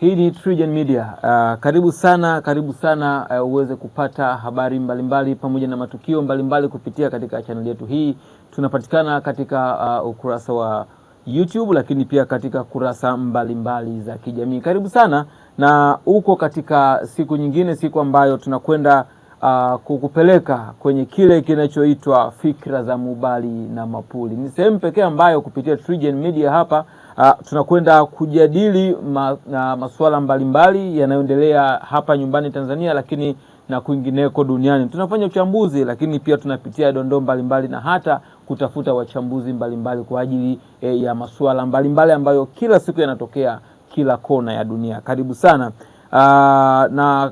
Hii ni TriGen Media. Uh, karibu sana, karibu sana uh, uweze kupata habari mbalimbali pamoja na matukio mbalimbali mbali kupitia katika chaneli yetu hii. Tunapatikana katika uh, ukurasa wa YouTube lakini pia katika kurasa mbalimbali mbali za kijamii. Karibu sana na uko katika siku nyingine, siku ambayo tunakwenda uh, kukupeleka kwenye kile kinachoitwa fikra za mubali na mapuli. Ni sehemu pekee ambayo kupitia TriGen Media hapa Uh, tunakwenda kujadili ma, na masuala mbalimbali yanayoendelea hapa nyumbani Tanzania, lakini na kwingineko duniani. Tunafanya uchambuzi, lakini pia tunapitia dondoo mbalimbali na hata kutafuta wachambuzi mbalimbali kwa ajili eh, ya masuala mbalimbali ambayo kila siku yanatokea kila kona ya dunia. Karibu sana. Uh, na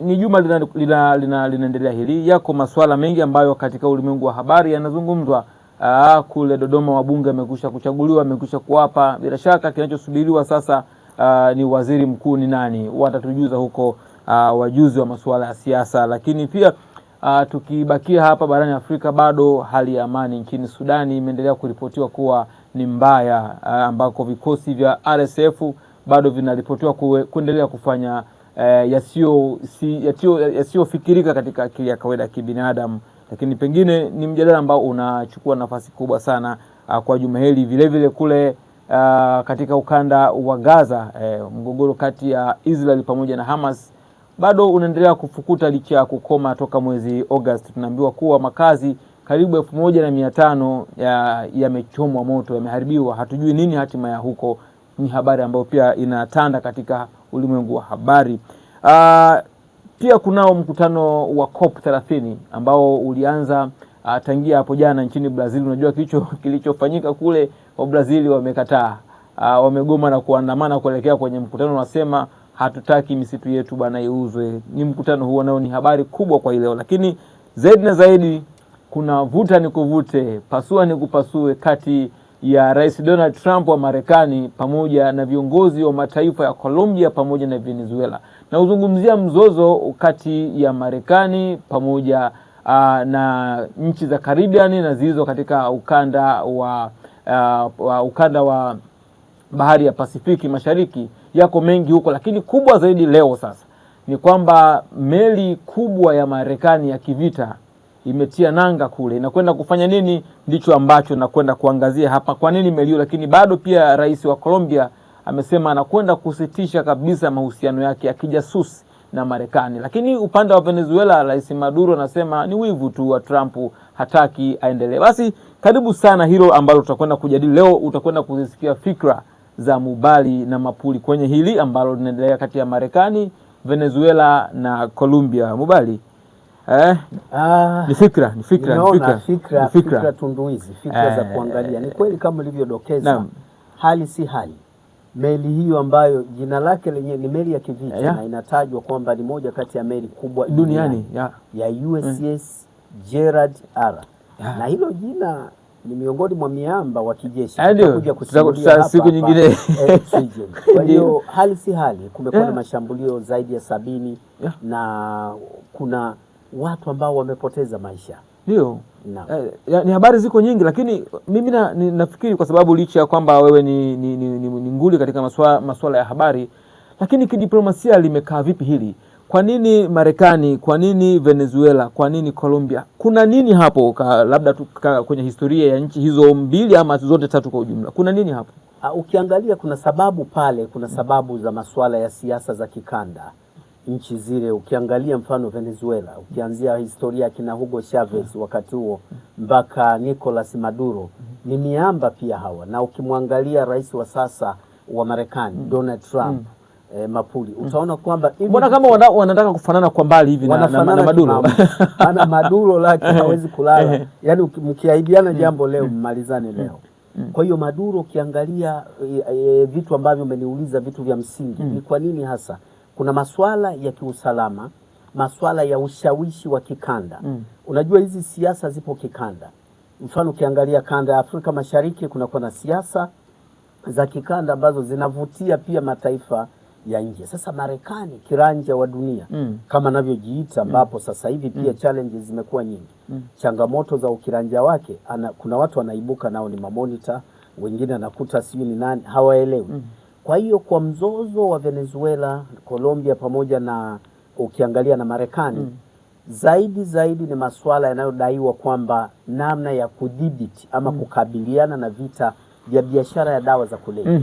ni juma linaendelea hili, yako masuala mengi ambayo katika ulimwengu wa habari yanazungumzwa aa, ah, kule Dodoma wabunge amekwisha kuchaguliwa, amekwisha kuwapa. Bila shaka kinachosubiriwa sasa aa, ah, ni waziri mkuu ni nani, watatujuza huko aa, ah, wajuzi wa masuala ya siasa. Lakini pia aa, tukibakia hapa barani Afrika, bado hali ya amani nchini Sudani imeendelea kuripotiwa kuwa ni mbaya, ambako vikosi vya RSF bado vinaripotiwa kuendelea kufanya Uh, yasiyofikirika si, yasiyo katika akili ya kawaida ya kibinadamu lakini pengine ni mjadala ambao unachukua nafasi kubwa sana uh, kwa juma hili. Vilevile kule uh, katika ukanda wa Gaza eh, mgogoro kati ya Israel pamoja na Hamas bado unaendelea kufukuta licha ya kukoma toka mwezi August. Tunaambiwa kuwa makazi karibu elfu moja na mia tano yamechomwa ya moto, yameharibiwa. Hatujui nini hatima ya huko. Ni habari ambayo pia inatanda katika ulimwengu wa habari uh, pia kunao mkutano wa COP 30 ambao ulianza uh, tangia hapo jana nchini Brazil. Unajua kilicho kilichofanyika kule, wa Brazil wamekataa, uh, wamegoma na kuandamana kuelekea kwenye mkutano, wanasema hatutaki misitu yetu bana iuzwe. Ni mkutano huo nao ni habari kubwa kwa leo, lakini zaidi na zaidi kuna vuta ni kuvute, pasua ni kupasue kati ya Rais Donald Trump wa Marekani pamoja na viongozi wa mataifa ya Colombia pamoja na Venezuela uzungumzia mzozo kati ya Marekani pamoja uh, na nchi za Caribbean na zilizo katika ukanda wa, uh, wa ukanda wa bahari ya Pasifiki Mashariki. Yako mengi huko, lakini kubwa zaidi leo sasa ni kwamba meli kubwa ya Marekani ya kivita imetia nanga kule, inakwenda kufanya nini? Ndicho ambacho nakwenda kuangazia hapa, kwa nini meli hiyo. Lakini bado pia rais wa Colombia amesema anakwenda kusitisha kabisa mahusiano yake ya kijasusi na Marekani. Lakini upande wa Venezuela, Rais Maduro anasema ni wivu tu wa Trump, hataki aendelee. Basi karibu sana hilo ambalo tutakwenda kujadili leo. Utakwenda kuzisikia fikra za Mubali na Mapuli kwenye hili ambalo linaendelea kati ya Marekani, Venezuela na Colombia. Mubali, eh, ah, ni fikra ni fikra ni fikra, fikra, fikra, fikra tunduizi fikra eh, za kuangalia. Ni kweli kama ulivyodokeza, hali si hali meli hiyo ambayo jina lake lenye ni meli ya kivita yeah. na inatajwa kwamba ni moja kati ya meli kubwa duniani yeah. ya USS yeah. Mm. Gerald R yeah. na hilo jina ni miongoni mwa miamba wa kijeshi kuja kusimulia siku nyingine. Eh, Kwa hiyo hali si hali, kumekuwa yeah. na mashambulio zaidi ya sabini yeah. na kuna watu ambao wamepoteza maisha ndio eh, ni habari ziko nyingi, lakini mimi na, ni, nafikiri kwa sababu licha ya kwamba wewe ni, ni, ni, ni, ni nguli katika maswala, ya habari, lakini kidiplomasia limekaa vipi hili? Kwa nini Marekani? Kwa nini Venezuela? Kwa nini Colombia? Kuna nini hapo ka, labda tu, ka, kwenye historia ya nchi hizo mbili ama zote tatu kwa ujumla, kuna nini hapo? Ah, ukiangalia kuna sababu pale, kuna sababu za masuala ya siasa za kikanda nchi zile, ukiangalia mfano Venezuela, ukianzia historia ya kina Hugo Chavez wakati huo mpaka Nicolas Maduro ni miamba pia hawa, na ukimwangalia rais wa sasa wa Marekani mm. Donald Trump mm. E, Mapuli mm. utaona kwamba mbona kama wana, wanataka kufanana kwa mbali hivi na, na, na Maduro ana Maduro lake hawezi kulala eh. yani, mkiaibiana mm. jambo leo mm. mmalizane leo. Kwa hiyo Maduro ukiangalia e, e, vitu ambavyo umeniuliza vitu vya msingi ni kwa nini hasa kuna masuala ya kiusalama, masuala ya ushawishi wa kikanda mm. Unajua hizi siasa zipo kikanda. Mfano ukiangalia kanda ya Afrika Mashariki kunakuwa na siasa za kikanda ambazo zinavutia pia mataifa ya nje. Sasa Marekani kiranja wa dunia mm. kama anavyojiita mm. ambapo mm. sasa hivi pia mm. challenges zimekuwa nyingi mm. changamoto za ukiranja wake ana, kuna watu wanaibuka nao ni mamonita wengine anakuta sijui ni nani hawaelewi mm. Kwa hiyo kwa mzozo wa Venezuela, Colombia pamoja na ukiangalia na Marekani mm. zaidi zaidi ni masuala yanayodaiwa kwamba namna ya kudhibiti ama mm. kukabiliana na vita vya biashara ya dawa za kulevya mm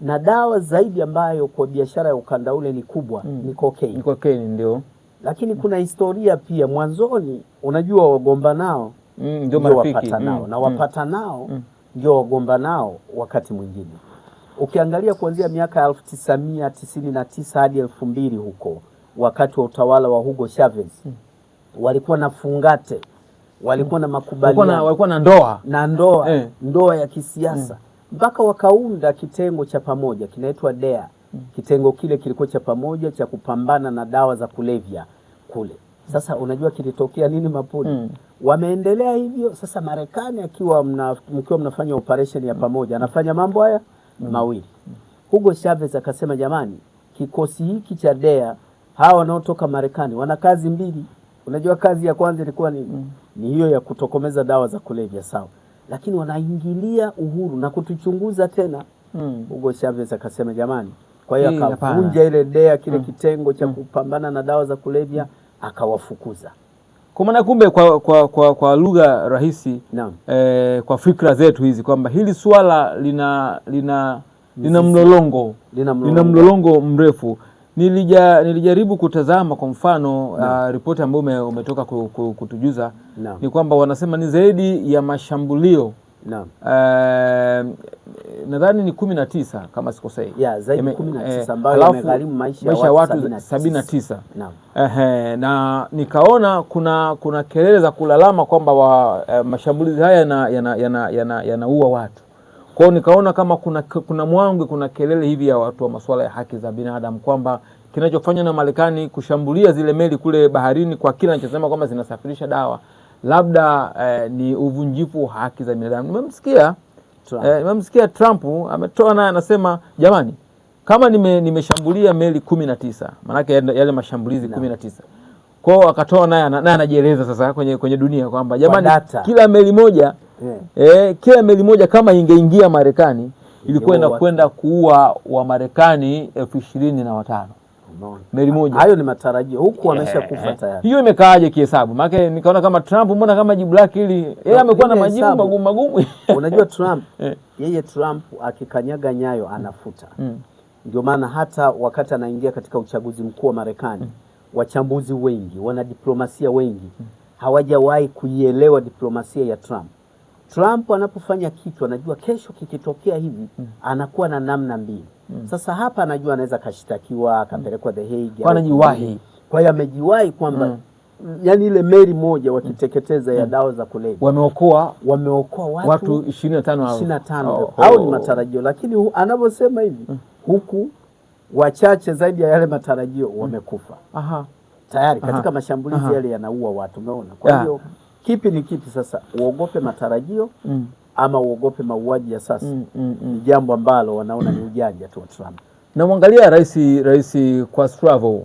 -hmm. na dawa zaidi ambayo kwa biashara ya ukanda ule ni kubwa mm. ni cocaine. Ni cocaine ndio, lakini kuna historia pia mwanzoni, unajua wagomba nao mm, ndio marafiki wapata nao mm. na mm. wapata nao mm. ndio wagomba nao wakati mwingine Ukiangalia kuanzia miaka na 1999 hadi elfu mbili huko wakati wa utawala wa Hugo Chavez hmm. walikuwa na fungate, walikuwa na hmm. makubaliano, walikuwa na ndoa na ndoa eh. ndoa ya kisiasa hmm. mpaka wakaunda kitengo cha pamoja kinaitwa DEA hmm. kitengo kile kilikuwa cha pamoja cha kupambana na dawa za kulevya kule sasa unajua kilitokea nini Mapuni? mm. Wameendelea hivyo sasa. Marekani akiwa mna, mkiwa mnafanya operation ya pamoja anafanya mambo haya mm. mawili mm. Hugo Chavez akasema jamani, kikosi hiki cha DEA hawa wanaotoka Marekani wana kazi mbili. Unajua kazi ya kwanza ilikuwa ni, mm. ni hiyo ya kutokomeza dawa za kulevya sawa, lakini wanaingilia uhuru na kutuchunguza tena mm. Hugo Chavez akasema jamani, kwa hiyo akavunja ile DEA kile mm. kitengo cha mm. kupambana na dawa za kulevya mm. akawafukuza. Kwa maana kumbe kwa, kwa, kwa, kwa lugha rahisi eh, kwa fikra zetu hizi kwamba hili swala lina lina lina mlolongo lina mlolongo, lina mlolongo mrefu. Nilija, nilijaribu kutazama kwa mfano uh, ripoti ambayo umetoka kutujuza ni kwamba wanasema ni zaidi ya mashambulio Naam. Uh, nadhani ni kumi na tisa kama sikosei, na eh, maisha ya watu sabini na tisa. na nikaona kuna, kuna kelele za kulalama kwamba uh, mashambulizi haya yanaua yana, yana, yana, yana watu kwao, nikaona kama kuna, kuna mwangwi, kuna kelele hivi ya watu wa masuala ya haki za binadamu kwamba kinachofanywa na Marekani kushambulia zile meli kule baharini kwa kile anachosema kwamba zinasafirisha dawa labda eh, ni uvunjifu wa haki za binadamu. Nimemsikia Trump, eh, nimemsikia Trump eh, ametoa naye anasema jamani, kama nime, nimeshambulia meli kumi na tisa maanake yale mashambulizi kumi na tisa kwao, akatoa naye anajieleza sasa kwenye, kwenye dunia kwamba jamani kwa kila meli moja yeah. eh, kila meli moja kama ingeingia Marekani ilikuwa inakwenda kuua marekani elfu ishirini na watano meli moja. Hayo ni matarajio huku ameshakufa kufa Tayari hiyo imekaaje kihesabu? Maana nikaona kama Trump, mbona kama jibu lake hili yeye amekuwa na majibu magumu magumu. Unajua Trump eh. yeye Trump akikanyaga nyayo anafuta mm. Ndio maana hata wakati anaingia katika uchaguzi mkuu wa Marekani mm. wachambuzi wengi, wanadiplomasia wengi mm. hawajawahi kuielewa diplomasia ya Trump Trump anapofanya kitu anajua kesho kikitokea hivi mm. anakuwa na namna mbili mm. Sasa hapa anajua anaweza kashitakiwa akapelekwa The Hague, anajiwahi. Kwa hiyo amejiwahi kwamba mm. Yani ile meli moja wakiteketeza ya mm. dawa za kulevya wameokoa wameokoa watu, watu 25 au oh, ni oh. matarajio, lakini anavyosema hivi mm. huku wachache zaidi ya yale matarajio mm. wamekufa. Aha. tayari katika Aha. mashambulizi Aha. yale yanaua watu, umeona, kwa hiyo yeah. Kipi ni kipi sasa? Uogope matarajio mm. ama uogope mauaji ya sasa mm, mm, mm. Ni jambo ambalo wanaona ni ujanja tu wa Trump. Na mwangalia rais rais Stravo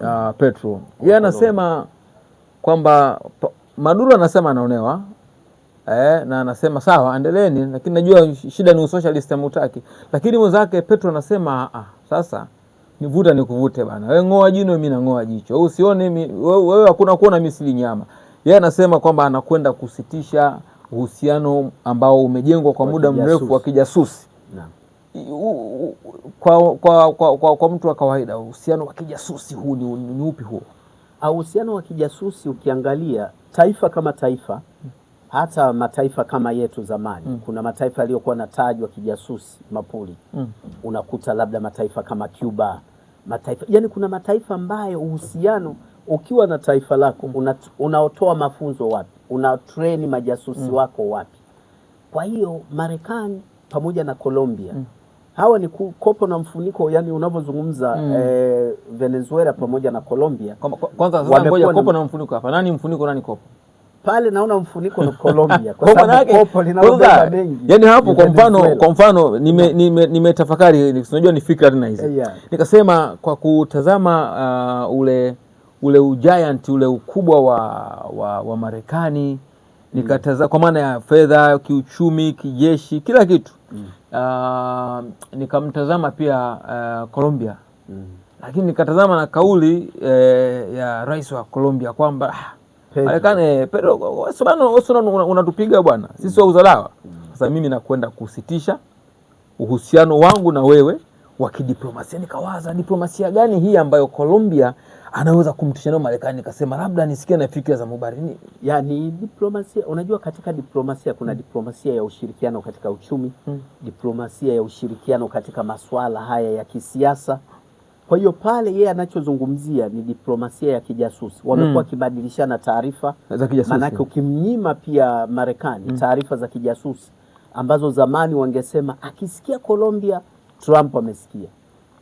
uh, Petro yeye anasema kwamba Maduro anasema anaonewa eh, na anasema sawa, endeleeni, lakini najua shida ni usocialist amutaki, lakini mwenzake Petro anasema ah, ah sasa nivuta nikuvute bana, wewe ng'oa jino, mimi nang'oa jicho, usione mimi wewe, hakuna kuona misili nyama yeye anasema kwamba anakwenda kusitisha uhusiano ambao umejengwa kwa muda mrefu wa kijasusi kwa, kwa, kwa, kwa, kwa mtu wa kawaida uhusiano wa kijasusi huu ni, ni upi huo? Ah, uhusiano wa kijasusi ukiangalia taifa kama taifa, hata mataifa kama yetu zamani mm. kuna mataifa yaliyokuwa na tajwa kijasusi mapuli mm. unakuta labda mataifa kama Cuba, mataifa yani, kuna mataifa ambayo uhusiano ukiwa na taifa lako una, unaotoa mafunzo wapi? Una treni majasusi mm. wako wapi? Kwa hiyo Marekani pamoja na Colombia mm. hawa ni kopo na mfuniko, yani unavyozungumza mm. eh, Venezuela pamoja na Colombia. Kwanza sasa ngoja, kopo na mfuniko hapa, nani mfuniko nani kopo? Pale naona mfuniko ni Colombia kwa sababu kopo linabeba mengi. Yani hapo kwa mfano, kwa mfano nimetafakari, nime, nime unajua ni fikra tena hizi, nikasema kwa kutazama uh, ule ule ugiant ule ukubwa wa, wa, wa Marekani nikataza kwa maana ya fedha, kiuchumi, kijeshi, kila kitu mm. Uh, nikamtazama pia uh, Colombia mm. Lakini nikatazama na kauli uh, ya rais wa Colombia kwamba ah, Marekani eh, Pedro unatupiga bwana, sisi wauzalawa. Mm. Sasa mimi nakwenda kusitisha uhusiano wangu na wewe wa kidiplomasia. Nikawaza diplomasia gani hii ambayo Colombia anaweza kumtisha nayo Marekani. Nikasema labda nisikie na fikira za Mubarak. Yani diplomasia, unajua katika diplomasia kuna diplomasia ya ushirikiano katika uchumi hmm, diplomasia ya ushirikiano katika masuala haya ya kisiasa. Kwa hiyo pale yeye anachozungumzia ni diplomasia ya kijasusi. Wamekuwa hmm. wakibadilishana hmm, taarifa za kijasusi. Maanake ukimnyima pia Marekani hmm, taarifa za kijasusi ambazo zamani wangesema akisikia Colombia Trump amesikia.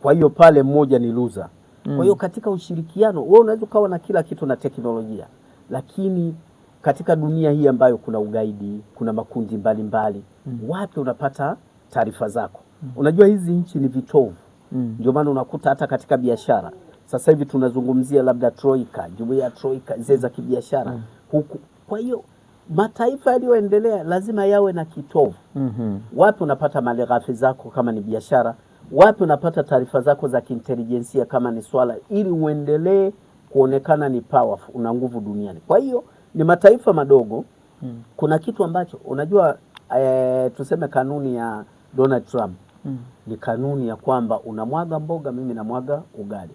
Kwa hiyo pale mmoja ni loser. Mm. Kwa hiyo katika ushirikiano wewe unaweza ukawa na kila kitu na teknolojia, lakini katika dunia hii ambayo kuna ugaidi, kuna makundi mbalimbali mbali, mm. wapi unapata taarifa zako? Mm. Unajua hizi nchi ni vitovu. Mm. Ndio maana unakuta hata katika biashara sasa hivi tunazungumzia labda troika, jumuiya ya troika zile za kibiashara mm. huku. Kwa hiyo mataifa yaliyoendelea lazima yawe na kitovu. mm -hmm. Wapi unapata malighafi zako kama ni biashara, wapi unapata taarifa zako za kiintelijensia kama ni swala, ili uendelee kuonekana ni powerful, una nguvu duniani. Kwa hiyo ni mataifa madogo. mm. Kuna kitu ambacho unajua, e, tuseme kanuni ya Donald Trump mm. ni kanuni ya kwamba unamwaga mboga, mimi namwaga ugali.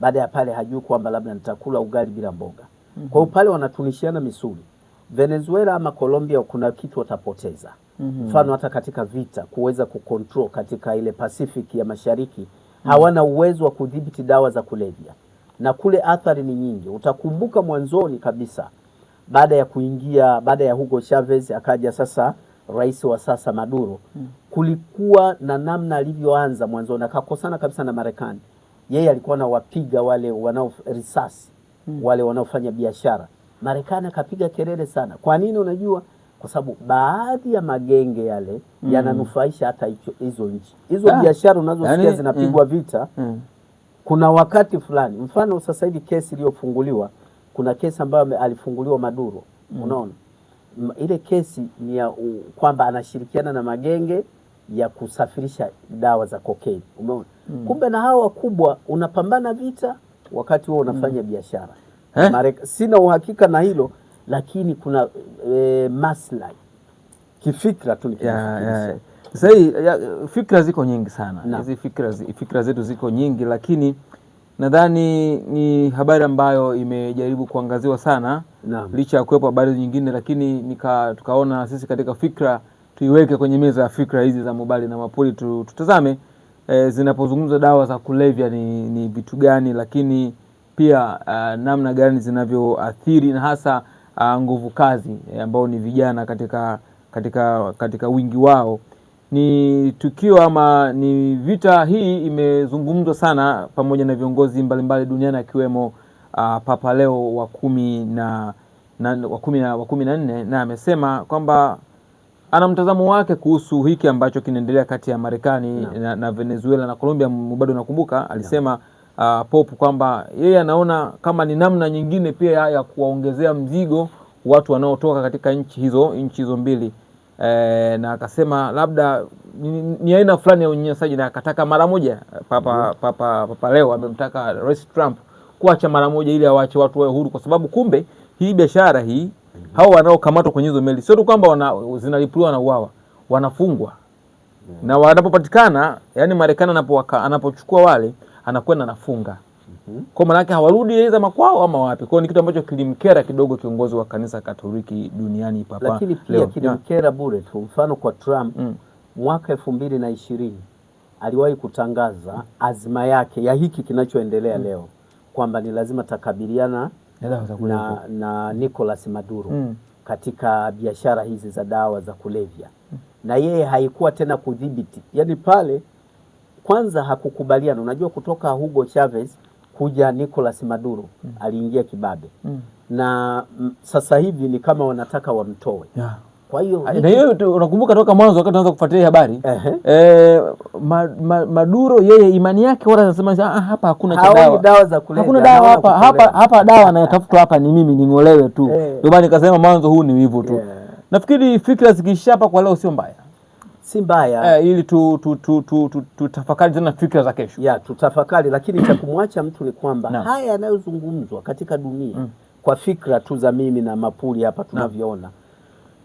Baada ya pale hajui kwamba labda nitakula ugali bila mboga. mm -hmm. Kwa hiyo pale wanatunishiana misuli Venezuela ama Colombia kuna kitu watapoteza mhm. mfano mm -hmm. hata katika vita kuweza kucontrol katika ile Pacific ya mashariki mm -hmm. hawana uwezo wa kudhibiti dawa za kulevya na kule athari ni nyingi. Utakumbuka mwanzoni kabisa baada ya kuingia baada ya Hugo Chavez akaja sasa rais wa sasa Maduro mm -hmm. kulikuwa na namna alivyoanza mwanzoni akakosana kabisa na Marekani. Yeye alikuwa anawapiga wale wanao risasi mm -hmm. wale wanaofanya biashara Marekani akapiga kelele sana. Kwa nini? Unajua, kwa sababu baadhi ya magenge yale mm. yananufaisha hata hizo nchi hizo ah. biashara unazosikia yaani, mm. zinapigwa mm. vita mm. kuna wakati fulani, mfano sasa hivi kesi iliyofunguliwa, kuna kesi ambayo alifunguliwa Maduro mm. unaona ile kesi ni ya kwamba anashirikiana na magenge ya kusafirisha dawa za kokaini. Umeona mm. kumbe na hawa wakubwa unapambana vita, wakati huo unafanya mm. biashara eh? sina uhakika na hilo lakini kuna e, maslahi kifikra tu sasa fikra ziko nyingi sana hizi fikra, fikra zetu ziko nyingi, lakini nadhani ni habari ambayo imejaribu kuangaziwa sana na, licha ya kuwepo habari nyingine, lakini nika, tukaona sisi katika fikra tuiweke kwenye meza ya fikra hizi za Mobali na Mapuli tutazame, e, zinapozungumza dawa za kulevya ni, ni vitu gani lakini pia uh, namna gani zinavyoathiri na hasa uh, nguvu kazi eh, ambao ni vijana katika, katika, katika wingi wao. Ni tukio ama ni vita hii imezungumzwa sana pamoja na viongozi mbalimbali duniani akiwemo uh, Papa Leo wa kumi na, na, wa kumi na, wa kumi na nne na amesema kwamba ana mtazamo wake kuhusu hiki ambacho kinaendelea kati ya Marekani no. na, na Venezuela na Colombia. Bado nakumbuka alisema no uh, Pop kwamba yeye anaona kama ni namna nyingine pia ya kuwaongezea mzigo watu wanaotoka katika nchi hizo nchi hizo mbili e, na akasema labda ni, ni aina fulani ya unyanyasaji, na akataka mara moja papa, mm-hmm. papa, papa leo amemtaka Rais Trump kuacha mara moja ili awache watu wawe huru, kwa sababu kumbe hii biashara hii mm-hmm. hao wanaokamatwa kwenye hizo meli sio tu kwamba zinalipuliwa na uwawa, wanafungwa mm-hmm. na wanapopatikana, yani Marekani anapochukua wale anakwenda anafunga mm -hmm. Kwa maana yake hawarudi aidha makwao ama wapi Kwa ni kitu ambacho kilimkera kidogo kiongozi wa kanisa Katoliki duniani papa. Lakini pia leo kilimkera bure tu, mfano kwa Trump mm. mwaka elfu mbili na ishirini aliwahi kutangaza azma yake ya hiki kinachoendelea mm. leo kwamba ni lazima takabiliana na, na Nicolas Maduro mm. katika biashara hizi za dawa za kulevya mm. na yeye haikuwa tena kudhibiti, yaani pale kwanza hakukubaliana. Unajua, kutoka Hugo Chavez kuja Nicolas Maduro mm. aliingia kibabe mm. na m, mm, sasa hivi ni kama wanataka wamtoe yeah. Kwa hiyo ah, na hiyo unakumbuka toka mwanzo wakati tunaanza kufuatilia habari eh, ma, ma, Maduro yeye imani yake wala anasema ah, ah hapa hakuna cha dawa dawa za kulevya, hakuna dawa hapa hapa hapa, dawa anayotafutwa hapa ni mimi ning'olewe tu, eh. ndio eh. maana nikasema mwanzo huu ni wivu tu yeah. Nafikiri fikra zikishapa kwa leo sio mbaya si mbaya eh, ili tutafakari tu, tu, tu, tu, tu, tena fikra za kesho ya tutafakari, lakini cha kumwacha mtu ni kwamba no. haya yanayozungumzwa katika dunia mm. kwa fikra tu za mimi na Mapuli hapa tunavyoona no.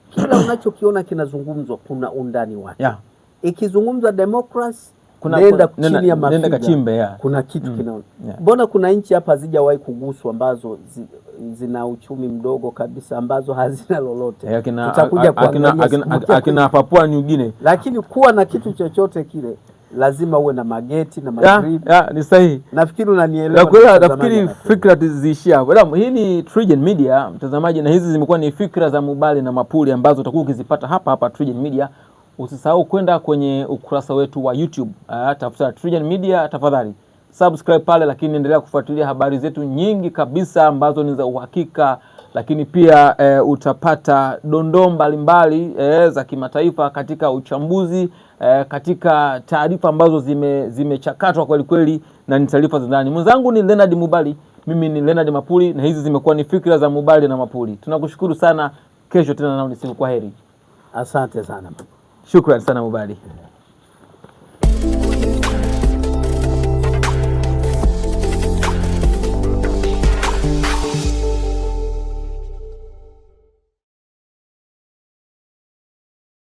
kila unachokiona kinazungumzwa kuna undani wake yeah. ikizungumzwa demokrasi nenda chini ya mafiga, nenda kachimbe ya. Kuna kitu mm. Mbona yeah. Kuna nchi hapa hazijawahi kuguswa ambazo zi, zina uchumi mdogo kabisa ambazo hazina lolote hey, eh, akina, akina, akina, akina, akina Papua New Guinea, lakini kuwa na kitu chochote kile lazima uwe na mageti na ah, magrip. Ah, ni sahihi, nafikiri unanielewa. Nafikiri fikra ziishia hapo. Hii ni TriGen Media mtazamaji, na hizi zimekuwa ni fikra za Mubali na Mapuli ambazo utakuwa ukizipata hapa hapa TriGen Media. Usisahau kwenda kwenye ukurasa wetu wa YouTube uh, tafuta TriGen Media tafadhali subscribe pale, lakini endelea kufuatilia habari zetu nyingi kabisa ambazo ni za uhakika, lakini pia e, utapata dondoo mbalimbali e, za kimataifa katika uchambuzi e, katika taarifa ambazo zimechakatwa zime kwelikweli na ni taarifa za ndani. Mwenzangu ni Leonard Mubali, mimi ni Leonard Mapuli na hizi zimekuwa ni fikra za Mubali na Mapuli. Tunakushukuru sana, kesho tena nao niseme kwa heri. Asante sana. Shukran sana Mubadi.